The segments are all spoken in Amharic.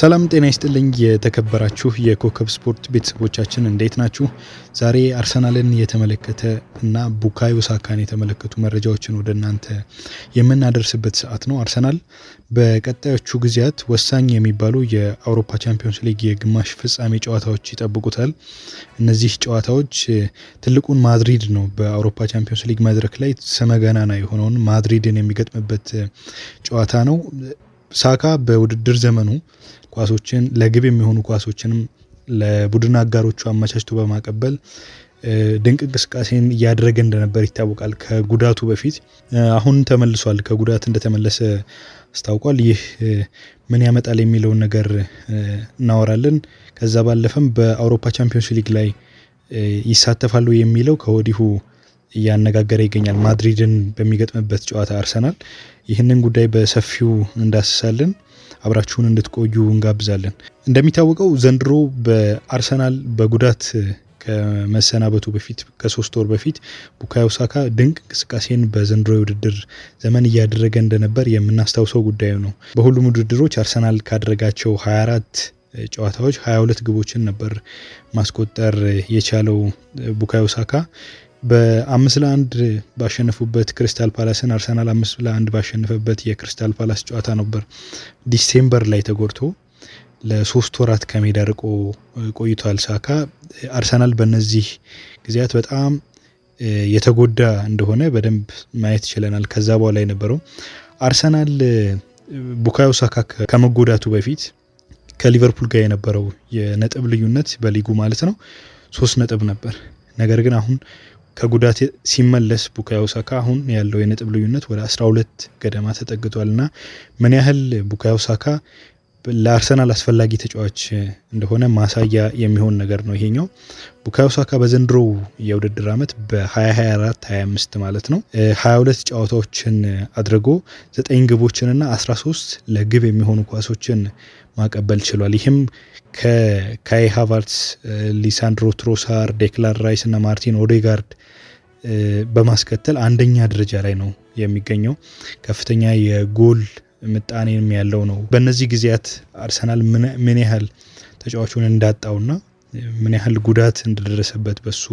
ሰላም ጤና ይስጥልኝ። የተከበራችሁ የኮከብ ስፖርት ቤተሰቦቻችን እንዴት ናችሁ? ዛሬ አርሰናልን የተመለከተ እና ቡካዮ ሳካን የተመለከቱ መረጃዎችን ወደ እናንተ የምናደርስበት ሰዓት ነው። አርሰናል በቀጣዮቹ ጊዜያት ወሳኝ የሚባሉ የአውሮፓ ቻምፒዮንስ ሊግ የግማሽ ፍጻሜ ጨዋታዎች ይጠብቁታል። እነዚህ ጨዋታዎች ትልቁን ማድሪድ ነው በአውሮፓ ቻምፒዮንስ ሊግ መድረክ ላይ ስመገናና የሆነውን ማድሪድን የሚገጥምበት ጨዋታ ነው። ሳካ በውድድር ዘመኑ ኳሶችን ለግብ የሚሆኑ ኳሶችንም ለቡድን አጋሮቹ አመቻችቶ በማቀበል ድንቅ እንቅስቃሴን እያደረገ እንደነበር ይታወቃል። ከጉዳቱ በፊት አሁን ተመልሷል። ከጉዳት እንደተመለሰ አስታውቋል። ይህ ምን ያመጣል የሚለውን ነገር እናወራለን። ከዛ ባለፈም በአውሮፓ ቻምፒዮንስ ሊግ ላይ ይሳተፋሉ የሚለው ከወዲሁ እያነጋገረ ይገኛል። ማድሪድን በሚገጥምበት ጨዋታ አርሰናል። ይህንን ጉዳይ በሰፊው እንዳስሳለን። አብራችሁን እንድትቆዩ እንጋብዛለን። እንደሚታወቀው ዘንድሮ በአርሰናል በጉዳት ከመሰናበቱ በፊት ከሶስት ወር በፊት ቡካዮ ሳካ ድንቅ እንቅስቃሴን በዘንድሮ የውድድር ዘመን እያደረገ እንደነበር የምናስታውሰው ጉዳዩ ነው። በሁሉም ውድድሮች አርሰናል ካደረጋቸው 24 ጨዋታዎች 22 ግቦችን ነበር ማስቆጠር የቻለው ቡካዮ ሳካ በአምስት ለአንድ ባሸነፉበት ክሪስታል ፓላስን አርሰናል አምስት ለአንድ ባሸነፈበት የክሪስታል ፓላስ ጨዋታ ነበር ዲሴምበር ላይ ተጎድቶ ለሶስት ወራት ከሜዳ ርቆ ቆይቷል ሳካ። አርሰናል በነዚህ ጊዜያት በጣም የተጎዳ እንደሆነ በደንብ ማየት ይችለናል። ከዛ በኋላ የነበረው አርሰናል ቡካዮ ሳካ ከመጎዳቱ በፊት ከሊቨርፑል ጋር የነበረው የነጥብ ልዩነት በሊጉ ማለት ነው ሶስት ነጥብ ነበር። ነገር ግን አሁን ከጉዳት ሲመለስ ቡካዮ ሳካ አሁን ያለው የነጥብ ልዩነት ወደ 12 ገደማ ተጠግቷል እና ምን ያህል ቡካዮ ሳካ ለአርሰናል አስፈላጊ ተጫዋች እንደሆነ ማሳያ የሚሆን ነገር ነው ይሄኛው። ቡካዮ ሳካ በዘንድሮው የውድድር ዓመት በ2024 25 ማለት ነው 22 ጨዋታዎችን አድርጎ 9 ግቦችንና 13 ለግብ የሚሆኑ ኳሶችን ማቀበል ችሏል። ይህም ከካይ ሃቫርትስ፣ ሊሳንድሮ ትሮሳር፣ ዴክላን ራይስ እና ማርቲን ኦዴጋርድ በማስከተል አንደኛ ደረጃ ላይ ነው የሚገኘው። ከፍተኛ የጎል ምጣኔም ያለው ነው። በእነዚህ ጊዜያት አርሰናል ምን ያህል ተጫዋቹን እንዳጣውና ምን ያህል ጉዳት እንደደረሰበት በሱ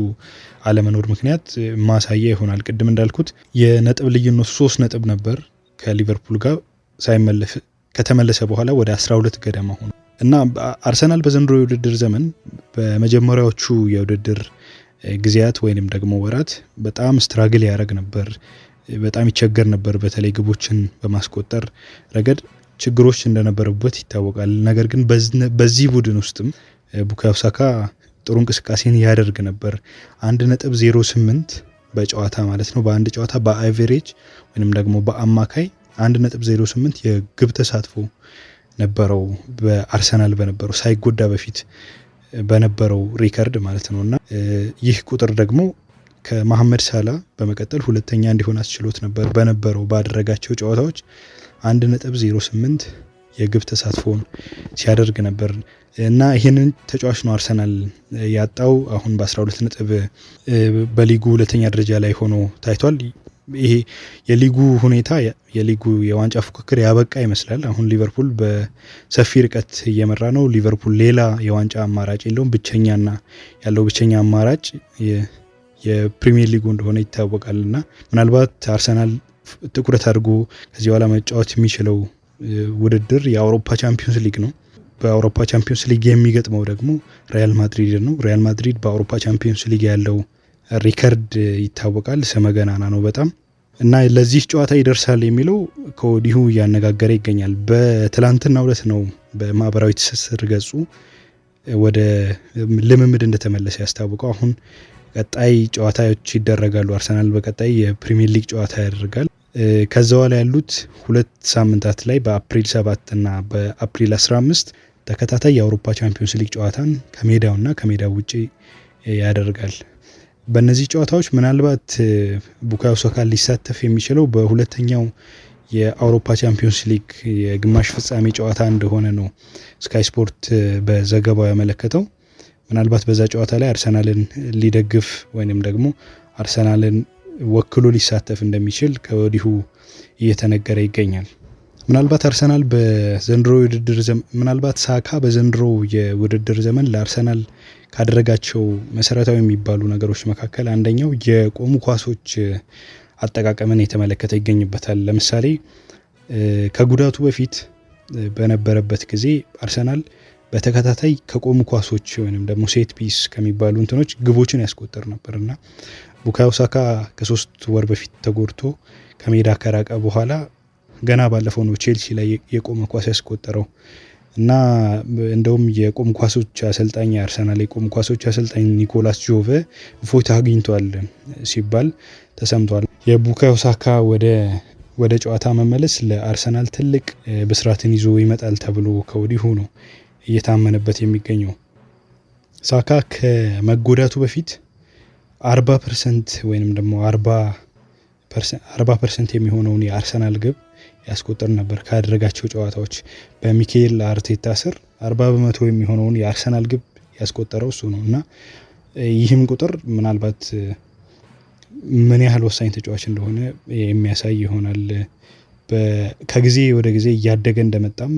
አለመኖር ምክንያት ማሳያ ይሆናል። ቅድም እንዳልኩት የነጥብ ልዩነቱ ሶስት ነጥብ ነበር ከሊቨርፑል ጋር ሳይመለስ ከተመለሰ በኋላ ወደ 12 ገደማ ሆኑ እና አርሰናል በዘንድሮ የውድድር ዘመን በመጀመሪያዎቹ የውድድር ጊዜያት ወይንም ደግሞ ወራት በጣም ስትራግል ያደረግ ነበር። በጣም ይቸገር ነበር። በተለይ ግቦችን በማስቆጠር ረገድ ችግሮች እንደነበረበት ይታወቃል። ነገር ግን በዚህ ቡድን ውስጥም ቡካዮ ሳካ ጥሩ እንቅስቃሴን ያደርግ ነበር። አንድ ነጥብ ዜሮ ስምንት በጨዋታ ማለት ነው። በአንድ ጨዋታ በአቨሬጅ ወይም ደግሞ በአማካይ አንድ ነጥብ ዜሮ ስምንት የግብ ተሳትፎ ነበረው በአርሰናል በነበረው ሳይጎዳ በፊት በነበረው ሪከርድ ማለት ነው እና ይህ ቁጥር ደግሞ ከመሐመድ ሳላ በመቀጠል ሁለተኛ እንዲሆን አስችሎት ነበር። በነበረው ባደረጋቸው ጨዋታዎች 1.08 የግብ ተሳትፎን ሲያደርግ ነበር እና ይህንን ተጫዋች ነው አርሰናል ያጣው። አሁን በ12 ነጥብ በሊጉ ሁለተኛ ደረጃ ላይ ሆኖ ታይቷል። ይሄ የሊጉ ሁኔታ የሊጉ የዋንጫ ፉክክር ያበቃ ይመስላል። አሁን ሊቨርፑል በሰፊ ርቀት እየመራ ነው። ሊቨርፑል ሌላ የዋንጫ አማራጭ የለውም። ብቸኛና ያለው ብቸኛ አማራጭ የፕሪሚየር ሊጉ እንደሆነ ይታወቃል እና ምናልባት አርሰናል ትኩረት አድርጎ ከዚህ በኋላ መጫወት የሚችለው ውድድር የአውሮፓ ቻምፒዮንስ ሊግ ነው። በአውሮፓ ቻምፒዮንስ ሊግ የሚገጥመው ደግሞ ሪያል ማድሪድ ነው። ሪያል ማድሪድ በአውሮፓ ቻምፒዮንስ ሊግ ያለው ሪከርድ ይታወቃል። ሰመገናና ነው በጣም እና ለዚህ ጨዋታ ይደርሳል የሚለው ከወዲሁ እያነጋገረ ይገኛል። በትላንትና ሁለት ነው በማህበራዊ ትስስር ገጹ ወደ ልምምድ እንደተመለሰ ያስታወቀው። አሁን ቀጣይ ጨዋታዎች ይደረጋሉ። አርሰናል በቀጣይ የፕሪሚየር ሊግ ጨዋታ ያደርጋል። ከዛ በኋላ ያሉት ሁለት ሳምንታት ላይ በአፕሪል 7 እና በአፕሪል 15 ተከታታይ የአውሮፓ ቻምፒዮንስ ሊግ ጨዋታን ከሜዳውና ከሜዳው ውጭ ያደርጋል። በእነዚህ ጨዋታዎች ምናልባት ቡካዮ ሳካ ሊሳተፍ የሚችለው በሁለተኛው የአውሮፓ ቻምፒዮንስ ሊግ የግማሽ ፍጻሜ ጨዋታ እንደሆነ ነው ስካይ ስፖርት በዘገባው ያመለከተው። ምናልባት በዛ ጨዋታ ላይ አርሰናልን ሊደግፍ ወይም ደግሞ አርሰናልን ወክሎ ሊሳተፍ እንደሚችል ከወዲሁ እየተነገረ ይገኛል። ምናልባት አርሰናል በዘንድሮ ውድድር ዘመን ምናልባት ሳካ በዘንድሮ የውድድር ዘመን ለአርሰናል ካደረጋቸው መሰረታዊ የሚባሉ ነገሮች መካከል አንደኛው የቆሙ ኳሶች አጠቃቀምን የተመለከተ ይገኝበታል። ለምሳሌ ከጉዳቱ በፊት በነበረበት ጊዜ አርሰናል በተከታታይ ከቆሙ ኳሶች ወይም ደግሞ ሴት ፒስ ከሚባሉ እንትኖች ግቦችን ያስቆጠር ነበር እና ቡካዮ ሳካ ከሶስት ወር በፊት ተጎድቶ ከሜዳ ከራቀ በኋላ ገና ባለፈው ነው ቼልሲ ላይ የቆመ ኳስ ያስቆጠረው እና እንደውም የቆም ኳሶች አሰልጣኝ አርሰናል የቆም ኳሶች አሰልጣኝ ኒኮላስ ጆቨ ፎታ አግኝቷል ሲባል ተሰምቷል። የቡካዮ ሳካ ወደ ጨዋታ መመለስ ለአርሰናል ትልቅ ብስራትን ይዞ ይመጣል ተብሎ ከወዲሁ ነው እየታመነበት የሚገኘው። ሳካ ከመጎዳቱ በፊት አርባ ፐርሰንት ወይንም ደግሞ አርባ ፐርሰንት የሚሆነውን የአርሰናል ግብ ያስቆጥር ነበር። ካደረጋቸው ጨዋታዎች በሚካኤል አርቴታ ስር አርባ በመቶ የሚሆነውን የአርሰናል ግብ ያስቆጠረው እሱ ነው እና ይህም ቁጥር ምናልባት ምን ያህል ወሳኝ ተጫዋች እንደሆነ የሚያሳይ ይሆናል ከጊዜ ወደ ጊዜ እያደገ እንደመጣም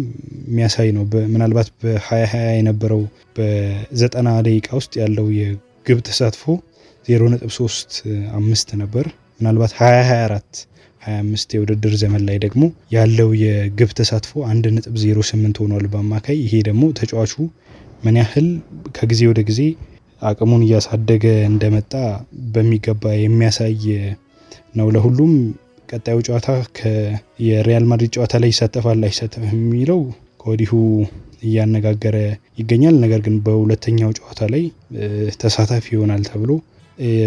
የሚያሳይ ነው። ምናልባት በ2020 የነበረው በዘጠና ደቂቃ ውስጥ ያለው የግብ ተሳትፎ 0.35 ነበር። ምናልባት 2024 25 የውድድር ዘመን ላይ ደግሞ ያለው የግብ ተሳትፎ 1.08 ሆኗል በአማካይ። ይሄ ደግሞ ተጫዋቹ ምን ያህል ከጊዜ ወደ ጊዜ አቅሙን እያሳደገ እንደመጣ በሚገባ የሚያሳይ ነው። ለሁሉም ቀጣዩ ጨዋታ የሪያል ማድሪድ ጨዋታ ላይ ይሳተፋል አይሳተፍ የሚለው ከወዲሁ እያነጋገረ ይገኛል። ነገር ግን በሁለተኛው ጨዋታ ላይ ተሳታፊ ይሆናል ተብሎ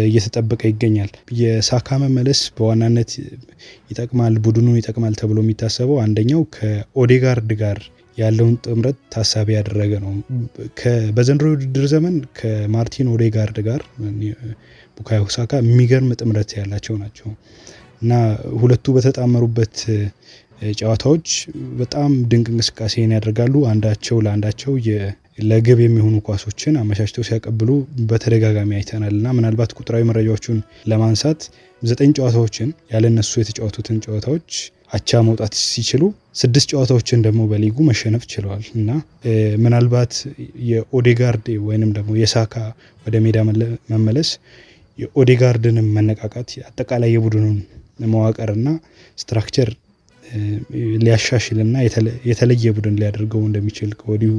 እየተጠበቀ ይገኛል። የሳካ መመለስ በዋናነት ይጠቅማል፣ ቡድኑ ይጠቅማል ተብሎ የሚታሰበው አንደኛው ከኦዴጋርድ ጋር ያለውን ጥምረት ታሳቢ ያደረገ ነው። በዘንድሮ ውድድር ዘመን ከማርቲን ኦዴጋርድ ጋር ቡካዮ ሳካ የሚገርም ጥምረት ያላቸው ናቸው። እና ሁለቱ በተጣመሩበት ጨዋታዎች በጣም ድንቅ እንቅስቃሴን ያደርጋሉ። አንዳቸው ለአንዳቸው ለግብ የሚሆኑ ኳሶችን አመቻችተው ሲያቀብሉ በተደጋጋሚ አይተናል እና ምናልባት ቁጥራዊ መረጃዎቹን ለማንሳት ዘጠኝ ጨዋታዎችን ያለነሱ የተጫወቱትን ጨዋታዎች አቻ መውጣት ሲችሉ ስድስት ጨዋታዎችን ደግሞ በሊጉ መሸነፍ ችለዋል እና ምናልባት የኦዴጋርድ ወይንም ደግሞ የሳካ ወደ ሜዳ መመለስ የኦዴጋርድንም መነቃቃት አጠቃላይ የቡድኑን መዋቅርና ስትራክቸር ሊያሻሽልና የተለየ ቡድን ሊያደርገው እንደሚችል ከወዲሁ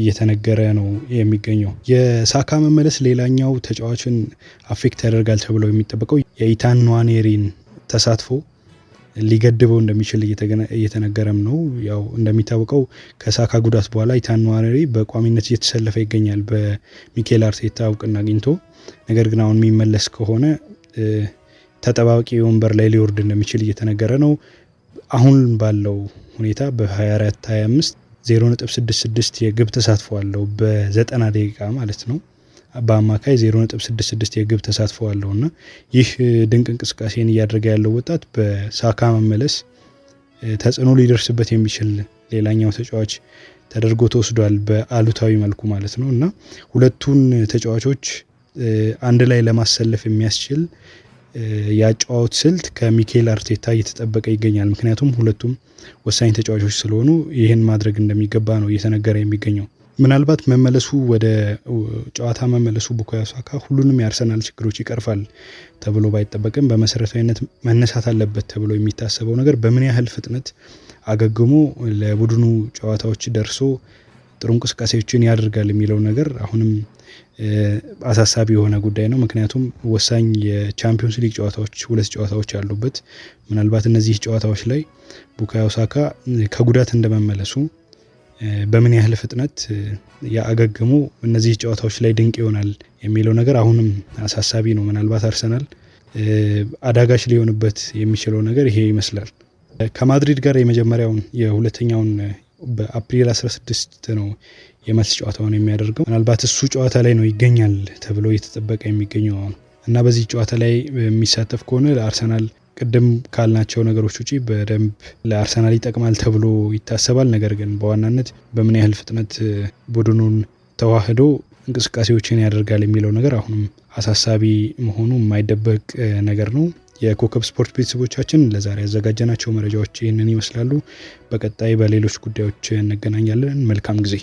እየተነገረ ነው የሚገኘው። የሳካ መመለስ ሌላኛው ተጫዋችን አፌክት ያደርጋል ተብለው የሚጠበቀው የኢታን ኗኔሪን ተሳትፎ ሊገድበው እንደሚችል እየተነገረም ነው። ያው እንደሚታወቀው ከሳካ ጉዳት በኋላ ኢታን ኗኔሪ በቋሚነት እየተሰለፈ ይገኛል በሚኬል አርቴታ እውቅና አግኝቶ። ነገር ግን አሁን የሚመለስ ከሆነ ተጠባቂ ወንበር ላይ ሊወርድ እንደሚችል እየተነገረ ነው። አሁን ባለው ሁኔታ በ24 25 0.66 የግብ ተሳትፎ አለው በ90 ደቂቃ ማለት ነው። በአማካይ 0.66 የግብ ተሳትፎ አለው እና ይህ ድንቅ እንቅስቃሴን እያደረገ ያለው ወጣት በሳካ መመለስ ተጽዕኖ ሊደርስበት የሚችል ሌላኛው ተጫዋች ተደርጎ ተወስዷል፣ በአሉታዊ መልኩ ማለት ነው እና ሁለቱን ተጫዋቾች አንድ ላይ ለማሰለፍ የሚያስችል የአጨዋወት ስልት ከሚኬል አርቴታ እየተጠበቀ ይገኛል። ምክንያቱም ሁለቱም ወሳኝ ተጫዋቾች ስለሆኑ ይህን ማድረግ እንደሚገባ ነው እየተነገረ የሚገኘው። ምናልባት መመለሱ ወደ ጨዋታ መመለሱ ቡካዮ ሳካ ሁሉንም የአርሰናል ችግሮች ይቀርፋል ተብሎ ባይጠበቅም በመሰረታዊነት መነሳት አለበት ተብሎ የሚታሰበው ነገር በምን ያህል ፍጥነት አገግሞ ለቡድኑ ጨዋታዎች ደርሶ ጥሩ እንቅስቃሴዎችን ያደርጋል የሚለው ነገር አሁንም አሳሳቢ የሆነ ጉዳይ ነው። ምክንያቱም ወሳኝ የቻምፒዮንስ ሊግ ጨዋታዎች ሁለት ጨዋታዎች ያሉበት ምናልባት እነዚህ ጨዋታዎች ላይ ቡካዮ ሳካ ከጉዳት እንደመመለሱ በምን ያህል ፍጥነት ያገገሙ እነዚህ ጨዋታዎች ላይ ድንቅ ይሆናል የሚለው ነገር አሁንም አሳሳቢ ነው። ምናልባት አርሰናል አዳጋች ሊሆንበት የሚችለው ነገር ይሄ ይመስላል። ከማድሪድ ጋር የመጀመሪያውን የሁለተኛውን በአፕሪል 16 ነው የመልስ ጨዋታውን የሚያደርገው። ምናልባት እሱ ጨዋታ ላይ ነው ይገኛል ተብሎ እየተጠበቀ የሚገኘው አሁን እና በዚህ ጨዋታ ላይ የሚሳተፍ ከሆነ ለአርሰናል ቅድም ካልናቸው ነገሮች ውጪ በደንብ ለአርሰናል ይጠቅማል ተብሎ ይታሰባል። ነገር ግን በዋናነት በምን ያህል ፍጥነት ቡድኑን ተዋህዶ እንቅስቃሴዎችን ያደርጋል የሚለው ነገር አሁንም አሳሳቢ መሆኑ የማይደበቅ ነገር ነው። የኮከብ ስፖርት ቤተሰቦቻችን ለዛሬ ያዘጋጀናቸው መረጃዎች ይህንን ይመስላሉ። በቀጣይ በሌሎች ጉዳዮች እንገናኛለን። መልካም ጊዜ